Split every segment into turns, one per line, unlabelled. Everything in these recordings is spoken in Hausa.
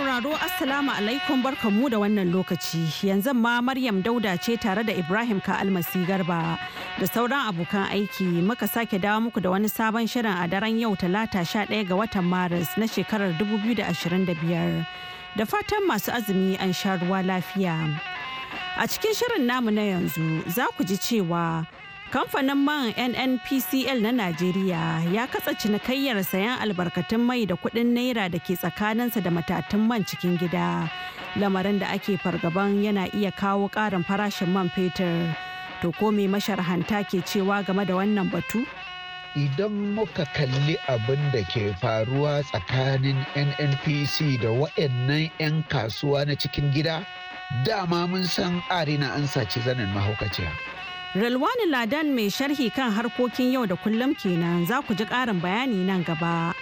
sauraro Assalamu alaikum barkamu da wannan lokaci yanzu ma Maryam Dauda ce tare da Ibrahim ka Almasi Garba da sauran abokan aiki muka sake dawo muku da wani sabon shirin a daren yau talata 11 ga watan Maris na shekarar 2025 da fatan masu azumi an sha ruwa lafiya. A cikin shirin namu na yanzu za ku ji cewa kamfanin man nnpcl na najeriya ya katsa cinikayyar sayan albarkatun mai da kudin naira da ke tsakaninsa da matatun man cikin gida lamarin da ake fargaban yana iya kawo karin farashin man fetur to ko mai masharhanta ke cewa game da wannan batu
idan muka kalli abin da ke faruwa tsakanin nnpc da waɗannan 'yan kasuwa na cikin gida dama mun san arina an saci zanen mahaukaciya
Ralwani Ladan mai sharhi kan harkokin yau da kullum kenan za ku ji ƙarin bayani nan gaba.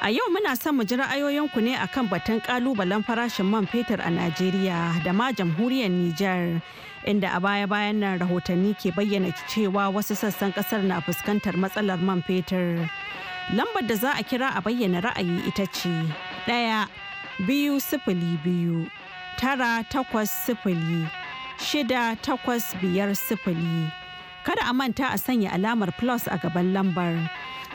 A yau muna son mu ji ra'ayoyinku ne akan batun kalubalen farashin man fetur a Najeriya da ma jamhuriyar Nijar. Inda a baya-bayan nan rahotanni ke bayyana cewa wasu sassan kasar na fuskantar matsalar man fetur. Lambar da za a kira a bayyana ra'ayi ita ce ɗaya biyu sifili biyu tara takwas sifili shida takwas biyar sifili. Kada a manta a sanya alamar plus a gaban lambar.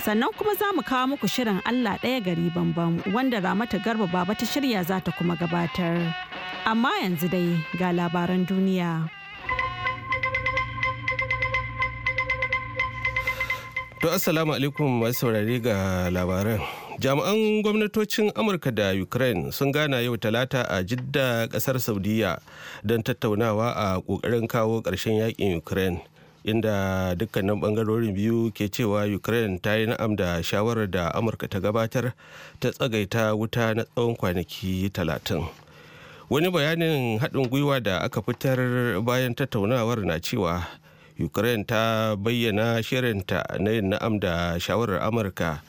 Sannan kuma za mu kawo muku shirin Allah ɗaya gari bambam wanda Ramata Garba Baba ta shirya za ta kuma gabatar. Amma yanzu dai ga labaran duniya.
To Assalamu alaikum masu saurari ga labaran. jami'an gwamnatocin amurka da ukraine sun gana yau talata a jidda kasar saudiya don tattaunawa a kokarin kawo ƙarshen yakin ukraine inda dukkanin bangarorin biyu ke cewa ukraine ta yi na'am da shawarar da amurka ta gabatar ta tsagaita wuta na tsawon kwanaki talatin wani bayanin haɗin gwiwa da aka fitar bayan tattaunawar na cewa ukraine ta bayyana shirinta na yin na'am da shawarar amurka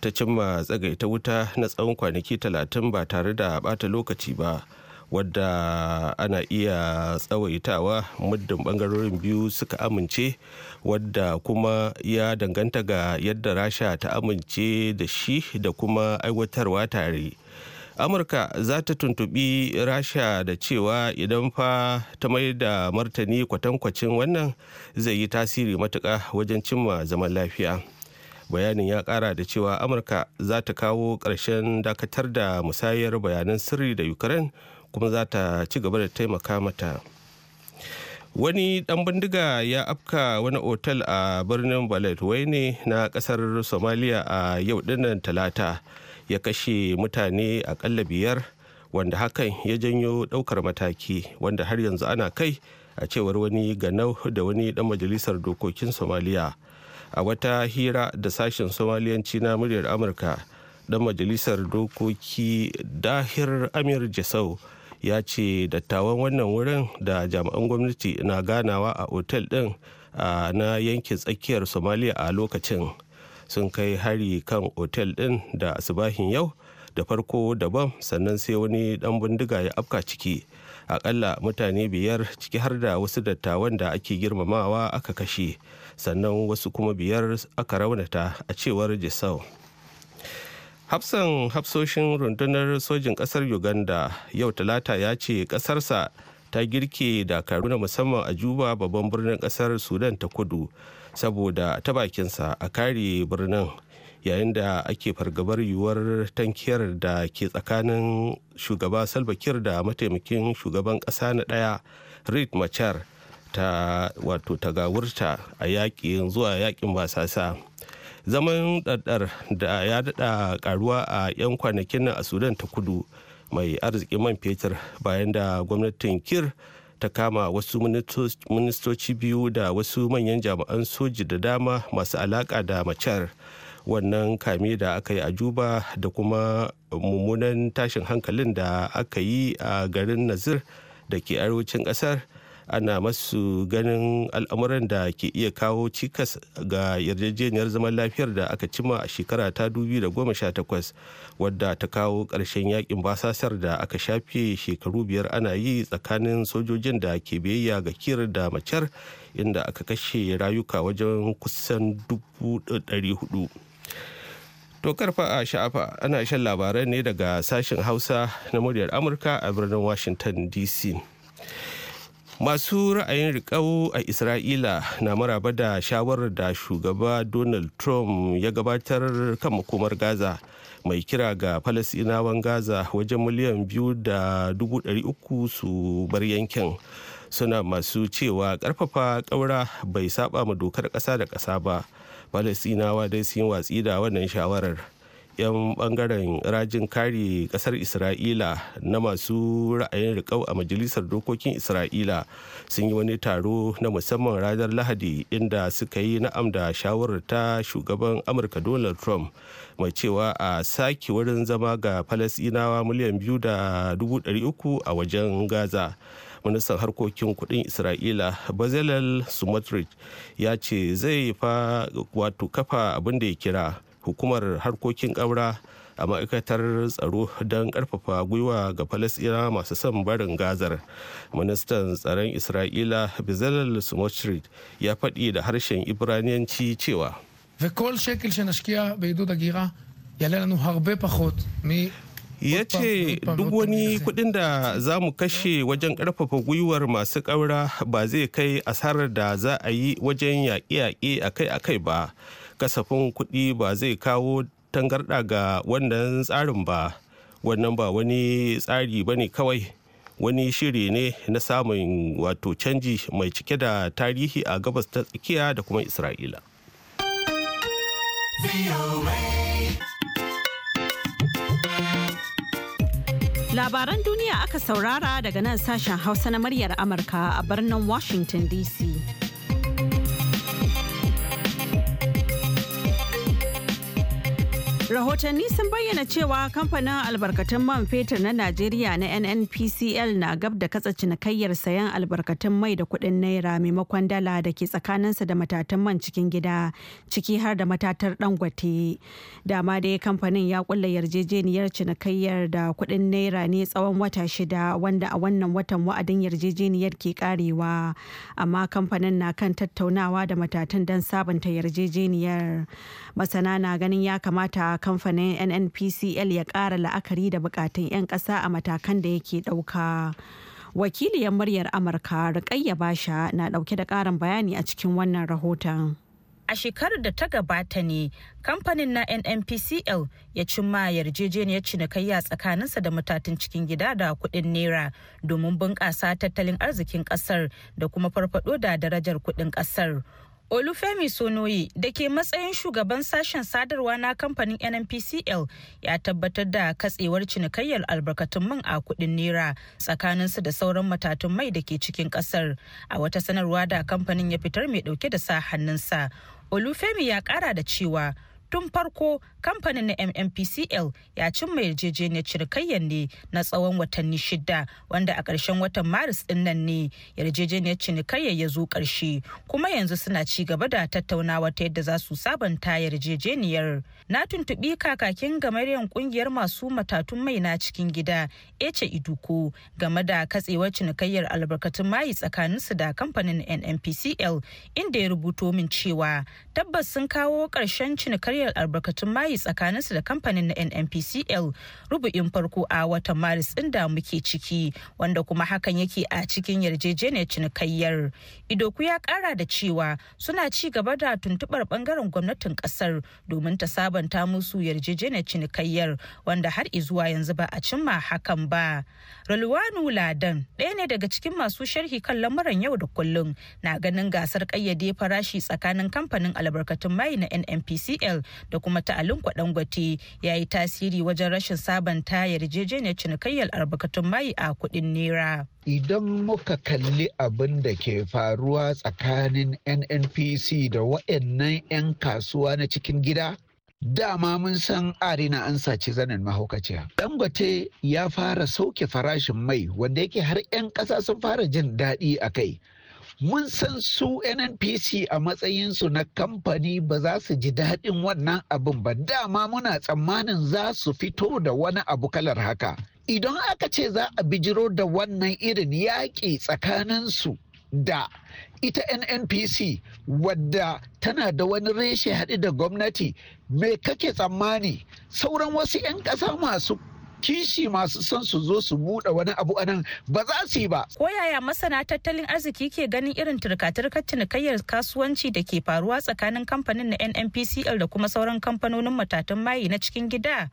ta cimma tsagaita wuta na tsawon kwanaki talatin ba tare da bata lokaci ba wadda ana iya tsawaitawa muddin bangarorin biyu suka amince wadda kuma ya danganta ga yadda rasha ta amince da shi da kuma aiwatarwa tare amurka za ta tuntubi rasha da cewa idan fa ta mai da martani kwatankwacin wannan zai yi tasiri matuka wajen cimma zaman lafiya. bayanin ya kara da cewa amurka za ta kawo ƙarshen dakatar da musayar bayanan sirri da ukraine kuma za ta ci gaba da taimaka mata wani dan bindiga ya afka wani otal a birnin wai ne na kasar somalia a yau dinnan talata ya kashe mutane akalla biyar wanda hakan ya janyo daukar mataki wanda har yanzu ana kai a cewar wani ganau da wani dan majalisar dokokin somaliya a wata hira da sashen somaliyanci na muryar amurka dan majalisar dokoki dahir amir jasau ya ce dattawan wannan wurin da jami'an gwamnati na ganawa a otel din na yankin tsakiyar somaliya a lokacin sun kai hari kan otel din da asibahin yau da farko daban sannan sai wani dan bindiga ya afka ciki akalla mutane biyar ciki har da wasu dattawan da ake girmamawa aka kashe sannan wasu kuma biyar aka raunata a cewar jisau hafsan hafsoshin rundunar sojin kasar uganda yau talata ya ce kasarsa ta girke dakaru na musamman a juba babban birnin kasar sudan ta kudu saboda ta bakinsa a kare birnin yayin da ake fargabar yiwuwar tankiyar da ke tsakanin shugaba salva da mataimakin shugaban kasa na daya reed machar ta wato tagawurta a yakin zuwa yaƙin basasa zaman ɗaɗɗar da ya daɗa karuwa a 'yan kwanakin nan a sudan ta kudu mai arzikin man fetur bayan da gwamnatin kir ta kama wasu ministoci biyu da wasu manyan jami'an soji da dama masu alaƙa da macar wannan kame da aka yi a juba da kuma mummunan tashin hankalin da aka yi a garin nazir da ke arewacin ƙasar ana masu ganin al'amuran da ke iya kawo cikas ga yarjejeniyar zaman lafiyar da aka cima a shekara ta 2018 wadda ta kawo ƙarshen yakin basasar da aka shafe shekaru biyar ana yi tsakanin sojojin da ke biyayya ga kir da macar inda aka kashe rayuka wajen kusan 400 To karfa a sha'afa ana shan labarai ne daga sashen Hausa na muryar Amurka a birnin Washington DC. masu ra'ayin rika'u a isra'ila na maraba da shawarar da shugaba donald trump ya gabatar kan makomar gaza mai kira ga falasinawan gaza wajen miliyan biyu da dubu dari uku su bar yankin suna masu cewa karfafa kaura bai saba ma dokar ƙasa da ƙasa ba falasinawa dai sun watsi da wannan shawarar 'yan bangaren rajin kare kasar isra'ila na masu ra'ayin rikau a majalisar dokokin isra'ila sun yi wani taro na musamman ranar lahadi inda suka yi na'am da shawarar ta shugaban amurka donald trump mai cewa a sake wurin zama ga falasinawa miliyan biyu da dubu uku a wajen gaza ministan harkokin kudin isra'ila bazilal sumatrich ya ce zai fa wato kafa abin da ya kira hukumar harkokin ƙaura a ma'aikatar tsaro don ƙarfafa gwiwa ga falasira masu son barin gazar ministan tsaron isra'ila bezalel smotrich ya faɗi da harshen ibraniyanci cewa ya ce duk wani kudin da za mu kashe wajen karfafa gwiwar masu ƙaura ba zai kai asarar da za a yi wajen yaƙe-yaƙe akai kai ba kasafin kuɗi ba zai kawo tangarɗa ga wannan tsarin ba wannan ba wani tsari ba ne kawai wani shiri ne na samun wato canji mai cike da tarihi a gabas ta tsakiya da kuma isra'ila
labaran duniya aka saurara daga nan sashen hausa na muryar amurka a birnin washington dc Rahotanni sun bayyana cewa kamfanin albarkatun man fetur na Najeriya na NNPCL na gab da katsa cinikayyar sayan albarkatun mai da kuɗin naira maimakon dala da ke tsakaninsa da matatan man cikin gida ciki har da matatar gwate Dama dai kamfanin ya kulla yarjejeniyar cinikayyar da kuɗin naira ne tsawon wata shida wanda a wannan watan wa'adin yarjejeniyar ke karewa. Amma kamfanin na kan tattaunawa da matatan don sabunta yarjejeniyar. Masana na ganin ya kamata kamfanin nnpcl ya ƙara la'akari da bukatun 'yan ƙasa a matakan da yake ɗauka wakiliyar muryar amurka rikayya basha na ɗauke da ƙaran bayani a cikin wannan rahoton
a shekarar da ta gabata ne kamfanin na nnpcl ya cimma yarjejeniyar cinikayya tsakaninsa da matatun cikin gida da kuɗin naira domin bunƙasa tattalin arzikin ƙasar da kuma farfaɗo da darajar kuɗin ƙasar Olufemi Sonoyi da ke matsayin shugaban sashen sadarwa na kamfanin NNPCL ya tabbatar da katsewar cinikayyar albarkatun man a kudin naira tsakaninsu da sauran matatun mai da ke cikin kasar a wata sanarwa da kamfanin ya fitar mai dauke da sa hannunsa. Olufemi ya kara da cewa tun farko kamfanin na mmpcl ya cimma yarjejeniyar cirkayyar ne na tsawon watanni shida wanda a ƙarshen watan maris din nan ne yarjejeniyar cinikayyar ya zo ƙarshe kuma yanzu suna ci gaba da tattaunawa ta yadda za su sabanta yarjejeniyar na tuntuɓi kakakin gamaryan ƙungiyar masu matatun mai na cikin gida ece iduko game da katsewar cinikayyar albarkatun mayi tsakanin su da kamfanin nnpcl inda ya rubuto min cewa tabbas sun kawo ƙarshen cinikayyar boye albarkatun mayi tsakaninsu da kamfanin na nnpcl rubu'in farko a watan maris ɗin da muke ciki wanda kuma hakan yake a cikin yarjejeniyar cinikayyar idoku ya kara da cewa suna ci gaba da tuntubar bangaren gwamnatin kasar domin ta sabanta musu yarjejeniyar cinikayyar wanda har izuwa yanzu ba a cimma hakan ba rulwanu ladan ɗaya ne daga cikin masu sharhi kan lamuran yau da kullum na ganin gasar ƙayyade farashi tsakanin kamfanin albarkatun mai na nnpcl da kuma ta ta'alin gwate ya yi tasiri wajen rashin sabanta yarjejeniyar cinikayyar albarkatun mai a kuɗin nera.
Idan muka kalli abin da ke faruwa tsakanin NNPC da waɗannan 'yan kasuwa na cikin gida, dama mun san arina an sace zanen mahaukaciya. Dangote ya fara sauke farashin mai wanda yake har 'yan ƙasa sun fara jin daɗi a kai. mun san su nnpc a matsayinsu na kamfani ba za su ji daɗin wannan abin ba dama muna tsammanin za su fito da wani abu kalar haka idan aka ce za a bijiro da wannan irin yaƙi tsakaninsu da ita nnpc wadda tana da wani reshe haɗe da gwamnati me kake tsammani sauran wasu 'yan ƙasa masu kishi masu son su zo su buɗe wani abu anan ba za su yi ba.
Ko yaya masana tattalin arziki ke ganin irin turkatarkar cinikayyar kasuwanci da ke faruwa tsakanin kamfanin na NNPCL da kuma sauran kamfanonin matatun mayi na cikin gida?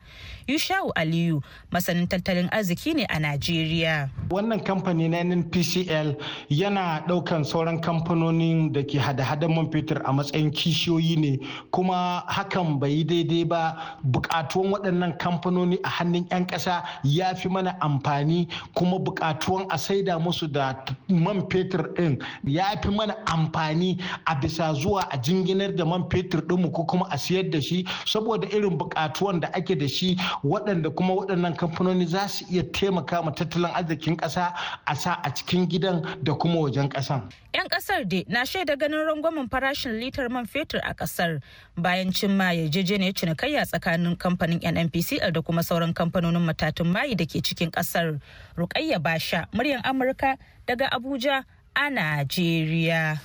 Yushau Aliyu, masanin tattalin arziki ne a Najeriya.
Wannan kamfani na NNPCL yana ɗaukan sauran kamfanonin da ke hada-hada man fetur a matsayin kishiyoyi ne kuma hakan bai yi daidai ba bukatuwan waɗannan kamfanoni a hannun 'yan ƙasa ya fi mana amfani kuma buƙatuwan a saida musu da man fetur ɗin ya fi mana amfani a bisa zuwa a jinginar da man fetur ɗinmu ko kuma a siyar da shi saboda irin buƙatuwan da ake da shi waɗanda kuma waɗannan kamfanoni za su iya taimaka ma tattalin arzikin ƙasa a sa a cikin gidan da kuma wajen ƙasan.
'Yan ƙasar dai na shaida ganin rangwamen farashin litar man fetur a ƙasar bayan cimma yarjejeniyar cinikayya tsakanin kamfanin NNPCL da kuma sauran kamfanonin matatun mayi da ke cikin kasar rukayya basha muryan amurka daga abuja a najeriya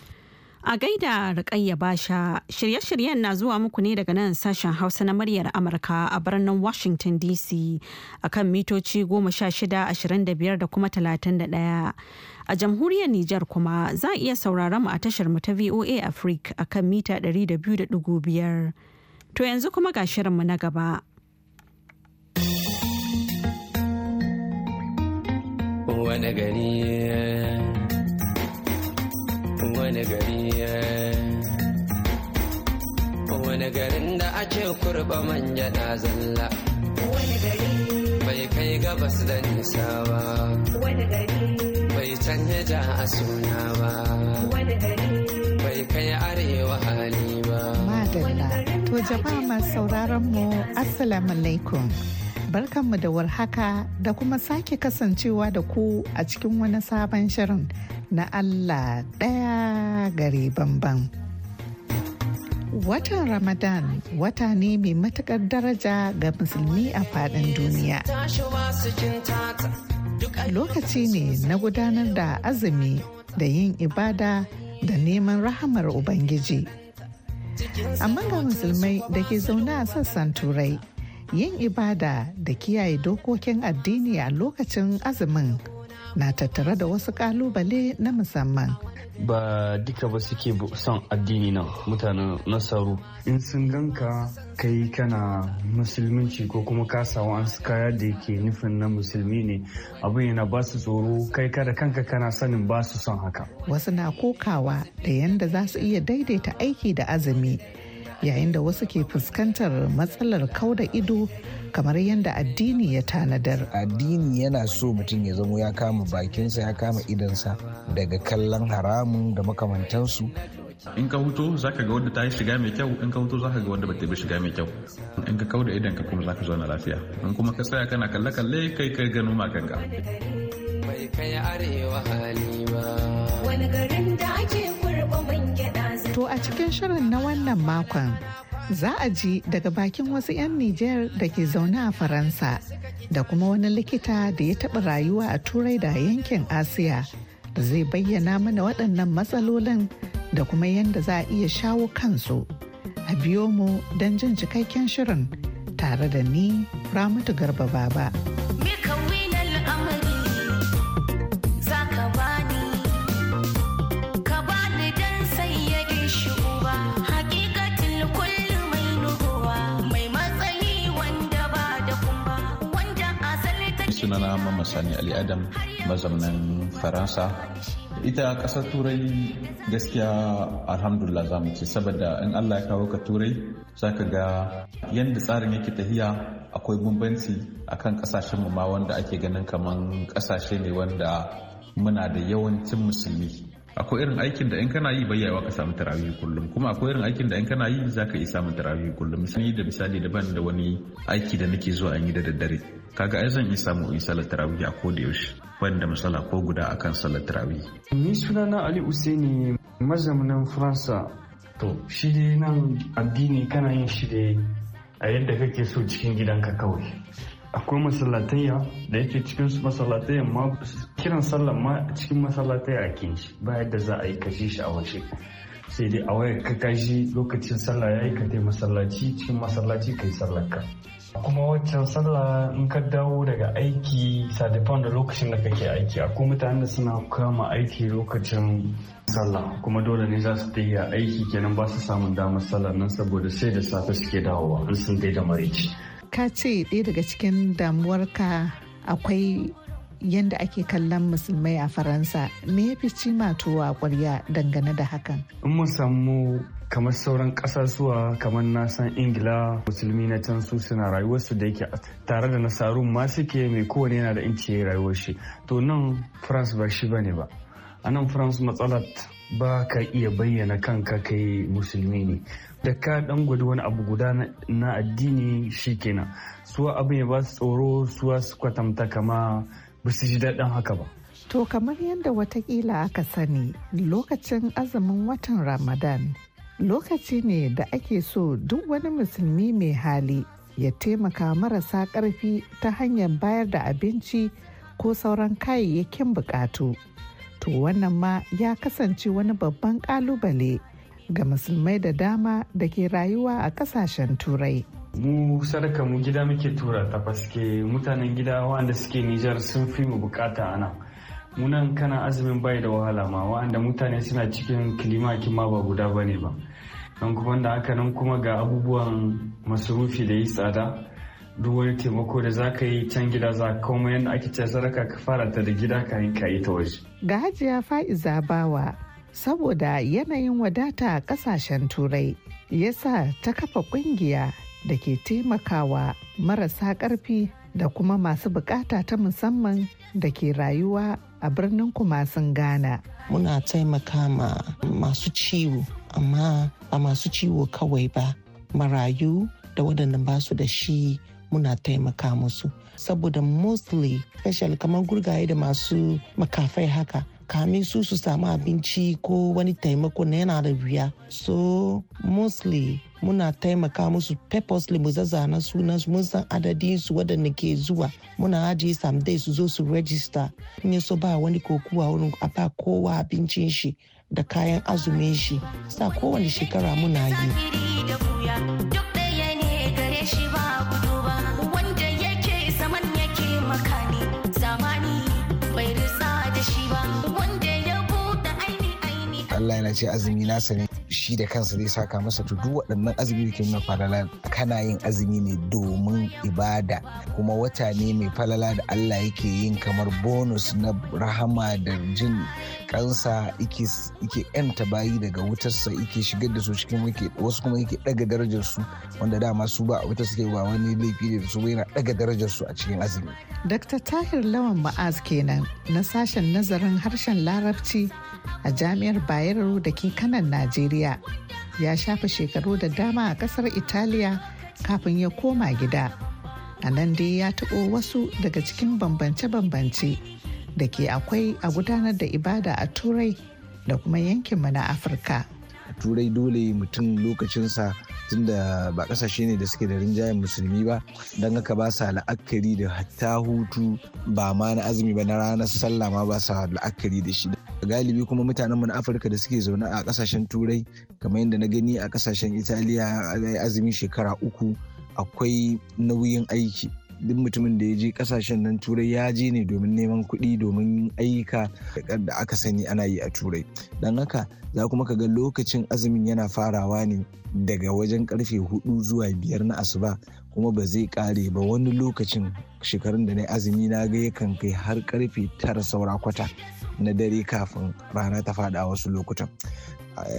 a gaida rukayya basha shirye-shiryen na zuwa muku ne daga nan sashen hausa na muryar amurka a birnin washington dc akan mitoci 16 25 da kuma 31 a jamhuriyar Nijar kuma za a iya sauraron mu a tashar mu ta VOA Africa a kan mita 200.5. To yanzu kuma ga shirinmu na gaba.
wani gari wani gari
wani garin da ake kurba manja na zalla
wani gari
bai kai gabas da nisa ba
wani gari
bai canja ja a suna
ba
wani
gari
bai kai arewa hali ba madalla
to jama'a masu sauraron mu assalamu alaikum barkanmu da warhaka da kuma sake kasancewa da ku a cikin wani sabon shirin na Allah ɗaya gare bamban. Watan Ramadan wata ne mai matuƙar daraja ga musulmi a faɗin duniya. Lokaci ne na gudanar da azumi da yin ibada da neman rahamar Ubangiji. Amma ga musulmai da ke zaune a sassan turai. yin ibada da kiyaye dokokin addini a lokacin azumin na tattare da wasu kalubale na musamman.
Ba duka ba suke son addini nan mutanen nasaru. In sun ganka kai kana musulminci ko kuma ka an kaya da yake nufin na musulmi ne abin yana ba su tsoro kai kada kanka kana sanin ba su son haka.
Wasu na kokawa da yanda za su iya daidaita aiki da azumi yayin da wasu ke fuskantar matsalar kau da ido kamar yadda addini ya tanadar. Addini yana so mutum ya zamo ya kama bakinsa ya kama idansa
daga kallon haramun da makamantansu.
In ka huto za ka ga wanda ta yi shiga mai kyau, in ka huto za ka ga wanda ba ta yi shiga mai kyau. In ka kauda idan ka kuma za ka zauna lafiya. In kuma ka tsaya kana kalle-kalle kai kai gano kanka Bai kai arewa hali ba.
Wani garin To a cikin shirin na wannan makon za a ji daga bakin wasu 'yan Nijar da ke zaune a Faransa da kuma wani likita da ya taɓa rayuwa a Turai da yankin Asiya da zai bayyana mana waɗannan matsalolin da kuma yadda za a iya shawo kansu. A biyo mu don jin cikakken shirin tare da ni Ramatu Garba Baba.
sunana mama sani ali adam mazaunan faransa ita kasar turai gaskiya alhamdulillah za mu ce saboda in allah ya kawo ka turai za ka ga yadda tsarin yake tahiya akwai bambanci akan kasashen mu ma wanda ake ganin kaman ƙasashe ne wanda muna da yawancin musulmi akwai irin aikin da in kana yi bayyawa ka samu tarawih kullum kuma akwai irin aikin da in kana yi za ka iya samun tarawih kullum misali da misali daban da wani aiki da nake zuwa an yi da daddare kaga ai zan iya samu in salat tarawih a ko da yaushe ban da matsala ko guda akan salat tarawih
ni sunana ali usaini mazaunin faransa to shi nan addini kana yin shi a yadda kake so cikin gidanka kawai akwai masallatayya da yake cikin su masallatayya ma kiran sallah ma cikin masallatayya a kinshi ba yadda za a yi kashe shi a waje sai dai a waya ka kashi lokacin sallah ya yi ka tai masallaci cikin masallaci kai sallar ka kuma waccan sallah in ka dawo daga aiki sadifan da lokacin da kake aiki akwai mutanen da suna kama aiki lokacin sallah kuma dole ne za su tafiya aiki kenan ba su samun damar sallah nan saboda sai da safe suke dawowa in sun da marici
ka ce ɗaya daga cikin damuwar ka akwai yadda ake kallon musulmai a faransa me ya fi cimatuwa a ƙwarya dangane da hakan
in mu samu kamar sauran ƙasasuwa kamar nasan ingila musulmi na can su suna rayuwarsu da yake tare da nasarun ma suke mai kowane yana da inci ya rayuwar shi to nan france ba shi ba ne ba a nan france matsalar ba ka iya bayyana kanka kai musulmi ne da ka dan gwada wani abu guda na addini shikenan suwa abin ya ba su tsoro suwa su kwatanta kama ba su ji daɗin haka ba
to kamar yadda watakila aka sani lokacin azumin watan ramadan lokaci ne da ake so duk wani musulmi mai hali ya taimaka marasa ƙarfi ta hanyar bayar da abinci ko sauran kayayyakin bukatu. to wannan ma ya kasance wani babban kalubale ga musulmai da dama da ke rayuwa a kasashen turai
mu sadaka mu gida muke tura ta faske mutanen gida wanda suke nijar sun fi mu bukata ana munan kana azumin bai da wahala ma wa'anda mutane suna cikin kilimakin ma ba guda bane ba don kuma da haka nan kuma ga abubuwan masurufi da yi tsada duk wani taimako da za ka yi can gida za ka kuma yadda ake ce sadaka ka fara ta da gida yi ka yi ta waje.
Ga hajiya fa'iza bawa saboda yanayin wadata a kasashen turai yasa ta kafa ƙungiya da ke taimakawa marasa ƙarfi da kuma masu bukata ta musamman da ke rayuwa a birnin kumasin Ghana. Muna taimaka ma masu ciwo amma ba masu ciwo kawai ba
marayu da waɗanda ba su da shi muna taimaka musu saboda mostly special kamar gurgaye da masu makafai haka kamin su su samu abinci ko wani taimako na yana da wuya so mostly muna taimaka musu purposely mu zaza sunan su mun san adadin su wadanda ke zuwa muna ajiye samdai su zo su register in so ba wani kokuwa wurin a ba kowa abincin shi da kayan azumin shi sa kowane shekara muna
yi
ce azumi nasa ne shi da kansa zai saka masa to duk waɗannan azumi da ke nuna falala kana yin azumi ne domin ibada kuma wata ne mai falala da Allah yake yin kamar bonus na rahama da jin kansa yake yanta bayi daga wutarsa yake shigar da su cikin wasu kuma yake daga darajar su wanda dama su ba a wuta suke ba wani laifi da su yana daga darajar su a cikin azumi.
Dr. Tahir Lawan Ma'az kenan na sashen nazarin harshen Larabci a jami'ar Bayero da ke kanan Najeriya. Ya shafa shekaru da dama a kasar Italiya kafin ya koma gida. A nan dai ya taɓo wasu daga cikin bambance-bambance da ke akwai a gudanar da ibada a Turai da kuma yankinmu na Afirka.
A Turai dole mutum lokacinsa tunda ba kasashe ne da suke da rinjayen musulmi ba don haka ba sa la'akari da hatta hutu ba ma na azumi ba na ranar sallah ma ba sa la'akari da shi galibi kuma mutanen mu na afirka da suke zaune a kasashen turai kamar yadda na gani a kasashen italiya azumin shekara uku akwai nauyin aiki duk mutumin da ya je kasashen nan turai ya je ne domin neman kuɗi domin ayyuka da aka sani ana yi a turai don haka za kuma ka ga lokacin azumin yana farawa ne daga wajen karfe hudu zuwa biyar na asuba kuma ba zai kare ba wani lokacin shekarun da na azumi na ga yakan kai har karfe tara saura kwata na dare kafin rana ta fada wasu lokutan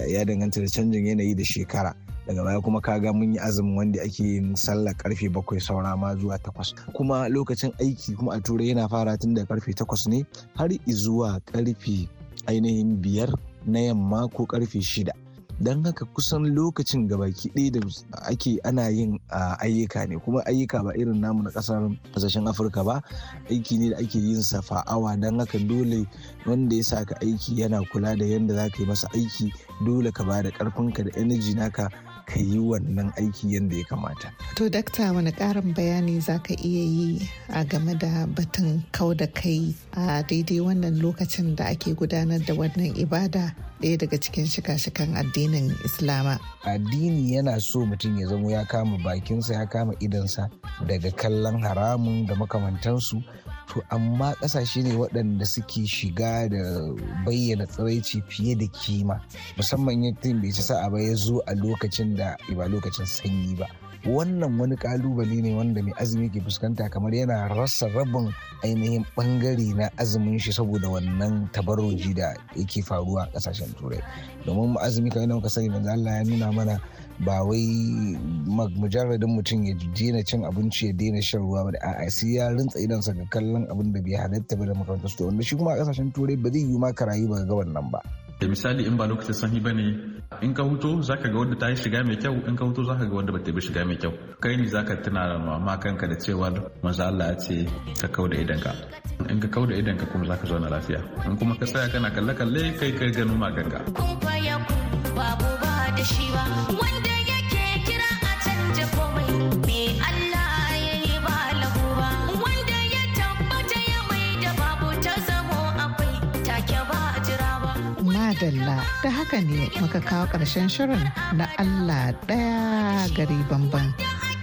ya danganta da canjin yanayi da shekara daga baya kuma ka ga mun yi azumin wanda ake yin sallah karfe bakwai saura ma zuwa takwas kuma lokacin aiki kuma a turai yana fara tun da karfe takwas ne har zuwa karfe ainihin biyar na yamma ko karfe shida don haka kusan lokacin gabaki ɗaya da ake ana yin ayyuka ne kuma ayyuka ba irin namu na ƙasar fasashen afirka ba aiki ne da ake yin safa awa don haka dole wanda ya sa ka aiki yana kula da yadda za ka yi masa aiki dole ka ba da ƙarfinka da energy naka ka yi wannan aiki yadda ya kamata.
To dakta wani ƙarin bayani za ka iya yi a game da batun kau da kai a daidai wannan lokacin da ake gudanar da wannan ibada ɗaya daga cikin shika-shikan addinin islama addini yana so mutum
ya zamo ya kama bakinsa ya kama idansa daga kallon haramun da makamantansu to amma ƙasashe ne waɗanda suke shiga da bayyana tsiraici fiye da kima musamman yadda bai ci sa'a ba ya zo a lokacin da ba lokacin sanyi ba wannan wani kalubale ne wanda mai azumi ke fuskanta kamar yana rasa rabin ainihin bangare na azumin shi saboda wannan tabarroji da yake faruwa a kasashen turai domin azumi kawai na muka sani manzo Allah ya nuna mana ba wai mujarradin mutum ya daina cin abinci ya daina shan ruwa ba da a'a sai ya rintsa idansa ga kallon abin da bai halatta ba da makarantar su wanda shi kuma a kasashen turai ba zai yi ma rayu ba ga wannan ba
da misali in ba lokacin sanyi ba ne in ka huto za ka ga wanda ta yi shiga mai kyau in ka huto za ka ga wanda ba ta yi shiga mai kyau kai ne za ka tuna da ma kanka da cewa manzo Allah ya ce ka kau da idanka in ka kau da idanka kuma za ka zauna lafiya in kuma ka tsaya kana kalle kalle kai kai gano maganka
wanda
madalla da haka ne muka kawo ƙarshen shirin na Allah ɗaya gari bamban.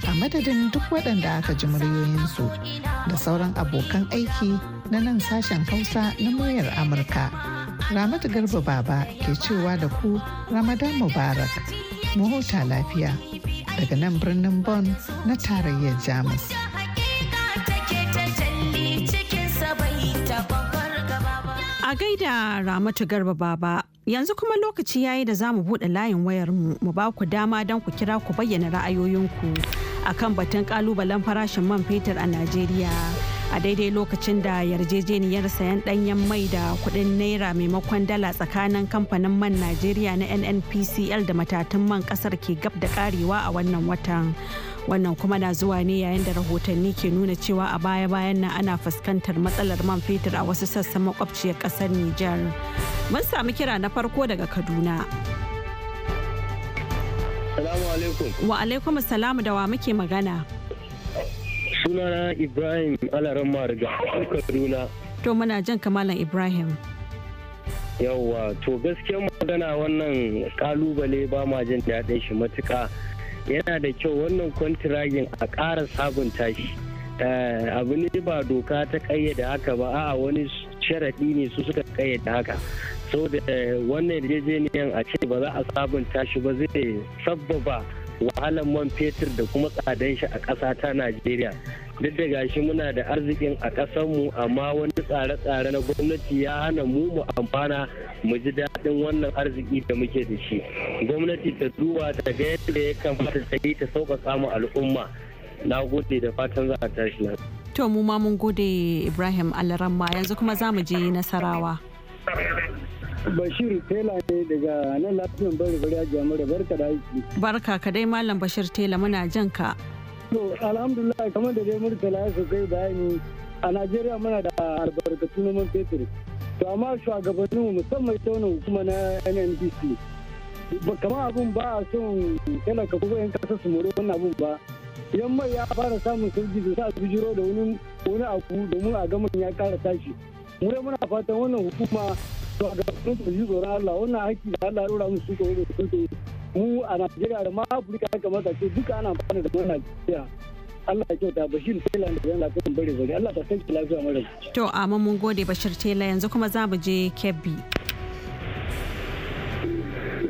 A madadin duk waɗanda aka ji muryoyinsu da sauran abokan aiki na nan sashen Hausa na muryar Amurka. Ramatu Garba Baba ke cewa da ku Ramadan Mubarak. Mu huta lafiya daga nan birnin Bonn na tarayyar Jamus. A gaida Ramatu Garba Baba,
yanzu kuma lokaci ya yi da za mu buɗe layin wayar mu mu ba ku dama don ku kira ku bayyana ra'ayoyinku a kan batun kalubalen farashin man fetur a Najeriya. A daidai lokacin da yarjejeniyar sayan ɗanyen mai da kuɗin naira maimakon dala tsakanin kamfanin man Najeriya na NNPCL da matatun man ƙasar ke gab da ƙarewa a wannan watan. wannan kuma na zuwa ne yayin da rahotanni ke nuna cewa a baya-bayan nan ana fuskantar matsalar man fetur a wasu sassan makwabciyar kasar Nijar. Mun sami kira na farko daga Kaduna.
Salamu
Wa alaikum salamu da wa muke magana.
Sunana Ibrahim Alaran Mariga, Kaduna.
To muna jan kamalan Ibrahim.
Yawwa, to gaskiya magana wannan kalubale ba ma jin daɗin shi matuka. yana da kyau wannan kwantiragin a ƙara sabunta shi eh, abu ne ba doka ta ƙayyada haka ba a wani sharaɗi ne su suka ƙayyada haka saboda eh, wannan yarjejeniyar a ce ba za a sabunta shi ba zai sabbaba wahalar man fetur da kuma tsadan shi a ƙasa ta najeriya duk da gashi muna da arzikin a
ƙasarmu amma wani tsare-tsare na gwamnati ya hana mu mu amfana mu ji daɗin wannan arziki da muke da shi gwamnati ta duba ta ga yadda ya kamata ta yi
ta sauƙaƙa mu al'umma na gode da fatan za a tashi na.
to mu ma mun gode ibrahim alaramma yanzu kuma za mu je nasarawa. Bashir
Tela ne daga nan lafiyan bari bari a jamura barka da aiki.
Barka ka dai Malam Bashir Tela muna jan ka. To alhamdulillah kamar da dai Murtala ya kai bayani a
Najeriya muna da albarkatu na man fetur. To amma shugabanninmu musamman ta wani hukuma na NNPC. kamar abun ba a son talaka kuma 'yan kasa su mori wannan abun ba. Idan mai ya fara samun sauki da sa bijiro da wani abu domin a gaman ya kara tashi. Mu muna fatan wannan hukuma to ga sun su tsoron Allah wannan haƙƙi da Allah su da su mu a Najeriya da ma Afirka ya kamata ce duka ana amfani da wannan Najeriya Allah ya kyauta Bashir Tela da yana kan bare Allah ta lafiya
mara
to amma mun gode Bashir Tela yanzu kuma za mu je Kebbi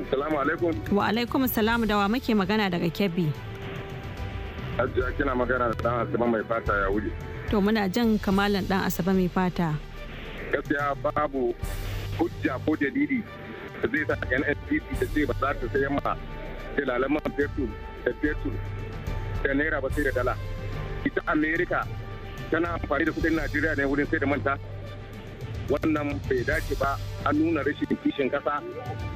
Assalamu alaikum
Wa alaikum assalam da wa muke magana daga Kebbi
Hajiya kina magana da dan Asaba mai fata ya wuce
to muna jan kamalan dan Asaba mai fata
gaskiya babu hujja ko dalili da zai sa nsdp da ce ba za ta sayan ma da man fetur da fetur da naira ba sai da dala ita america tana amfani da kudin najeriya ne wurin sai da manta wannan bai dace ba an nuna rashin kishin kasa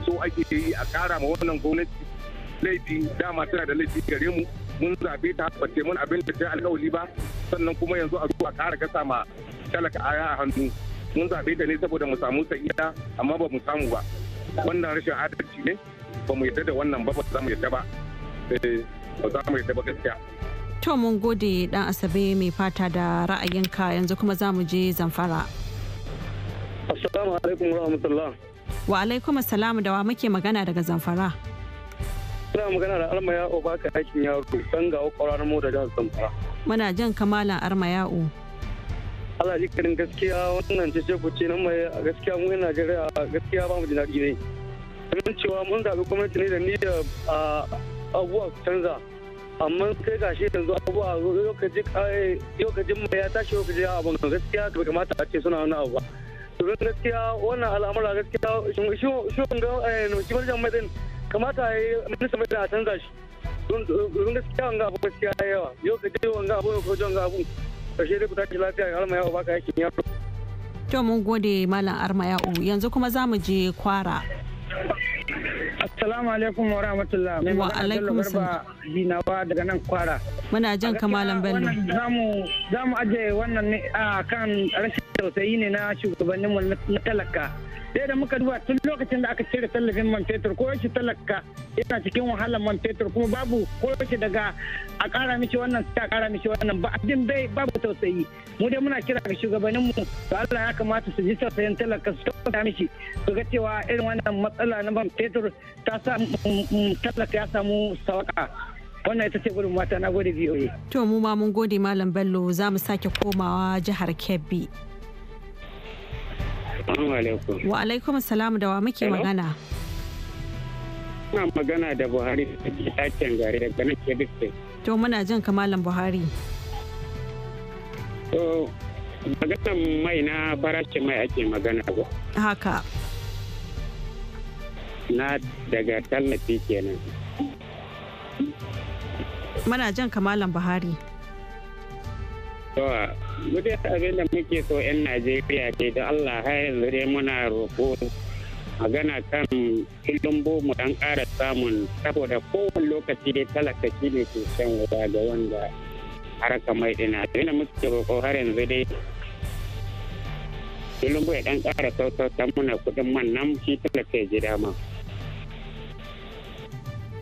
so ake yi a kara ma wannan gwamnati laifi dama tana da laifi gare mu mun zabe ta ce mun abin da ta alkawali ba sannan kuma yanzu a zo a kara gasa ma talaka aya a hannu mun zaɓe ta ne saboda mu samu sa'iya amma ba mu samu ba wannan rashin adalci ne ba mu yadda da wannan ba ba za mu yadda ba eh, ba za mu yadda ba gaskiya
to mun gode dan asabe mai fata da ra'ayinka yanzu kuma za mu je zamfara
assalamu alaikum wa rahmatullah
wa alaikum assalam da wa muke magana daga zamfara
Ina magana da armayau ba ka aikin yaro dan ga kwararmu da jihar Zamfara.
Muna jan kamalan Arma
alhalikarin gaskiya wannan ce ku ce nan mai gaskiya mu yan najeriya gaskiya ba mu jin daɗi ne kamar cewa mun zaɓi gwamnati ne da ni da abubuwa ku canza amma kai ga shi yanzu abubuwa yau ka ji mai ya tashi yau ka ji abin gaskiya bai kamata a ce suna wani abu ba domin gaskiya wannan al'amura gaskiya eh, shi wanga shi wani mai din kamata a yi minista mai a canza shi domin gaskiya wanga abu gaskiya yawa yau ka ji wanga abu yau ka ji wanga abu ƙarshe dai ku tashi lafiya ya alma ya uba ka yakin yaro.
To mun gode Malam Arma Ya'u yanzu kuma za mu je kwara.
Assalamu alaikum wa rahmatullah. Wa alaikum salam. Binawa daga nan kwara.
Muna jan kamalan Bello. Wannan
zamu zamu aje wannan ne a
kan rashin tausayi ne na shugabannin mu na talaka sai da muka duba tun lokacin da aka cire tallafin man fetur ko yake talaka yana cikin wahalar man fetur kuma babu ko yake daga a kara mishi wannan ta kara mishi wannan ba abin bai babu tausayi mu dai muna kira ga shugabannin mu to Allah ya kamata su ji tausayin talaka su tausaya mishi su ga cewa irin wannan matsala na man fetur ta sa talaka ya samu sawaka wannan ita
ce
gudun
mata na gode biyoyi
To mu ma mun gode Malam Bello za mu sake komawa jihar Kebbi. Wa alaikum salam da wa muke magana.
Ina magana da Buhari da ke ɗakin gari daga nan dukkan.
To muna jin kamalan Buhari.
To magana mai na farashin mai ake magana ba. Haka. Na daga tallafi kenan.
Muna jan kamalan Buhari. yawa dai abin da
muke so 'yan najeriya ce da allah har yanzu dai muna roƙo magana kan kullum mu dan ƙara samun saboda kowane lokaci dai talaka shi ne ke shan wuta da wanda haraka mai dina abin da muke roƙo har yanzu dai kullum ya dan ƙara sautautan muna kuɗin man nan shi talaka ya ji dama.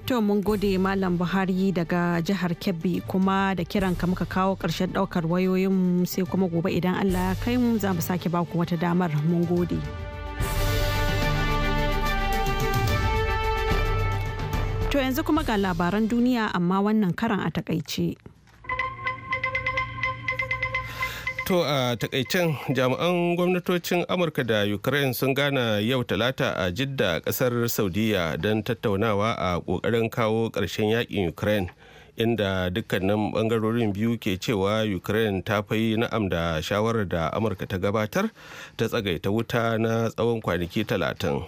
To mun gode Malam Buhari daga jihar Kebbi kuma da kiran ka muka kawo ƙarshen ɗaukar wayoyin sai kuma gobe idan Allah ya kai mu za mu sake baku wata damar mun gode. To yanzu kuma ga labaran duniya amma wannan karan a takaice.
To a takaicen jami'an gwamnatocin Amurka da Ukraine sun gana yau talata a Jidda kasar Saudiya don tattaunawa a kokarin kawo ƙarshen yakin Ukraine inda dukkanin bangarorin biyu ke cewa Ukraine ta fayi na'am da shawarar da Amurka ta gabatar ta tsagaita wuta na tsawon kwanaki talatin.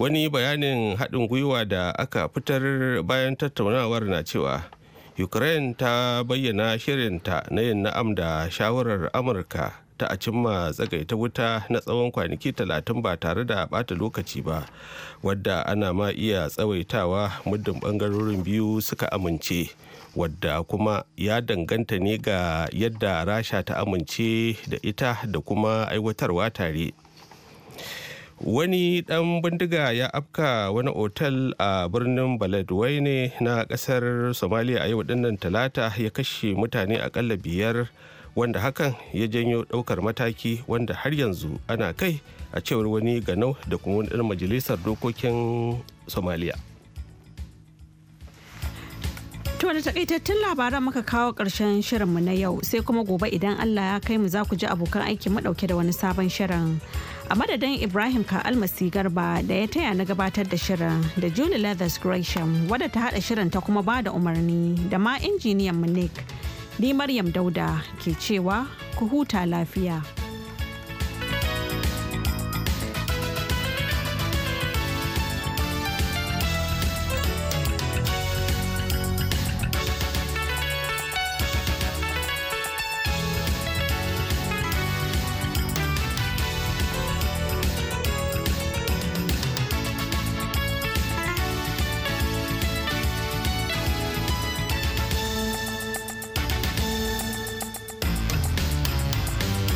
Wani bayanin haɗin gwiwa da aka fitar bayan tattaunawar na cewa. ukraine ta bayyana shirinta na yin na'am da shawarar amurka ta a cimma tsagaita wuta na tsawon kwanaki talatin ba tare da bata lokaci ba wadda ana ma iya tsawaitawa muddin bangarorin biyu suka amince wadda kuma ya danganta ne ga yadda rasha ta amince da ita da kuma aiwatarwa tare wani dan bindiga ya afka wani otal a birnin baladwai ne na kasar somalia a yau dinnan talata ya kashe mutane akalla biyar wanda hakan ya janyo daukar mataki wanda har yanzu ana kai a cewar wani ganau da kuma wani dan majalisar dokokin somaliya
To da takaitattun labaran muka kawo ƙarshen shirinmu na yau sai kuma gobe idan Allah ya kai mu za ku ji abokan aiki mu dauke da wani sabon shirin. a madadin ibrahim almasi garba da ya taya na gabatar da shirin da julie leathers gresham wadda ta haɗa shirin ta kuma ba da umarni da ma injiniyan mu nick ni maryam dauda ke cewa ku huta lafiya.